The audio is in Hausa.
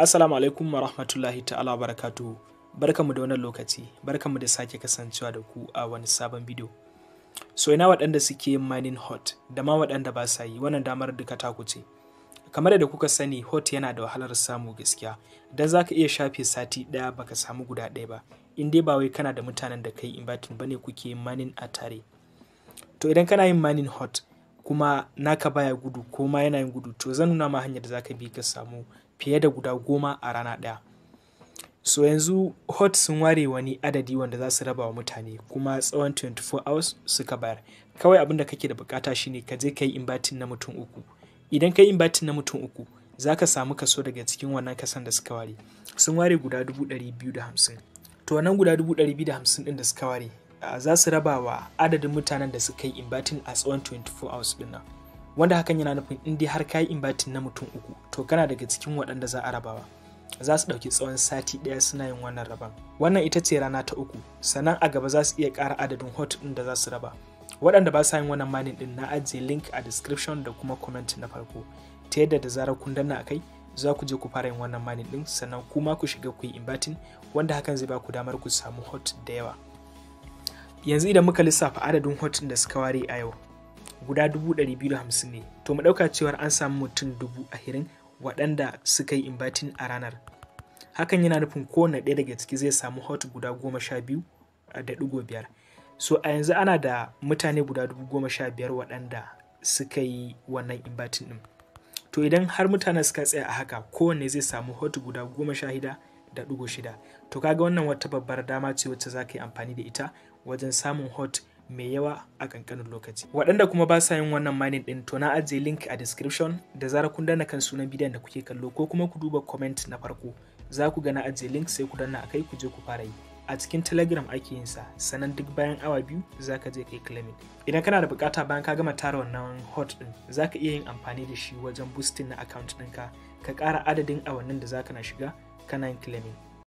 Assalamu alaikum wa rahmatullahi ta'ala barakatuhu. Barkanmu da wannan lokaci, barkanmu da sake kasancewa da ku a wani sabon bidiyo. So ina waɗanda suke mining hot da ma waɗanda ba sa yi wannan damar duka taku ce. Kamar da kuka sani hot yana da wahalar samu gaskiya, dan za ka iya shafe sati ɗaya baka samu guda ɗaya ba, in dai ba wai kana da mutanen da kai inviting bane kuke mining a tare. To idan kana yin mining hot, kuma naka baya gudu ko ma yana yin gudu to zan nuna ma hanyar da ka bi ka samu fiye da guda goma a rana ɗaya so yanzu hot sun ware wani adadi wanda za su raba wa mutane kuma tsawon 24 hours suka bayar kawai abin da kake da bukata shine ka je ka yi imbatin na mutum uku idan ka yi imbatin na mutum uku za ka samu kaso daga cikin wannan kasan da suka ware sun ware guda 250 to wannan guda 250 din da suka ware za su raba wa adadin mutanen da suka yi imbatin a tsawon 24 hours din nan wanda hakan yana nufin in dai har kayi imbatin na mutum uku to kana daga cikin waɗanda za a rabawa za su ɗauki tsawon sati ɗaya suna yin wannan raban wannan ita ce rana ta uku sannan a gaba za su iya ƙara adadin hot ɗin da za su raba waɗanda ba sa yin wannan manin ɗin na ajiye link a description da kuma comment na farko ta yadda da zarar kun danna a kai za ku je ku fara yin wannan manin ɗin sannan kuma ku shiga ku yi imbatin wanda hakan zai ba ku damar ku samu hot da yawa yanzu idan muka lissafa adadin hotun da suka ware a yau guda 250 ne to mu ɗauka cewar an samu mutum dubu ahirin waɗanda suka yi imbatin a ranar hakan yana nufin kowane ɗaya daga ciki zai samu hot guda goma sha biyu eh, da ɗigo biyar so a yanzu ana da mutane guda dubu goma sha biyar waɗanda suka yi wannan imbatin ɗin to idan har mutane suka tsaya a haka kowanne zai samu hot guda goma sha hida da ɗigo shida to kaga wannan wata babbar dama ce wacce za ka yi amfani da ita wajen samun hot mai yawa a kankanin lokaci waɗanda kuma ba sa yin wannan mining ɗin to na ajiye link a description da zara kun danna kan sunan bidiyon da kuke kallo ko kuma ku duba comment na farko za ku ga na ajiye link sai ku danna akai ku je ku fara yi a cikin telegram ake yin sa sanan duk bayan awa biyu za ka je kai claiming idan kana da bukata bayan ka gama tara wannan hot din za ka iya yin amfani da shi wajen boosting na account ɗinka ka kara adadin awannin da za ka na shiga kana yin claiming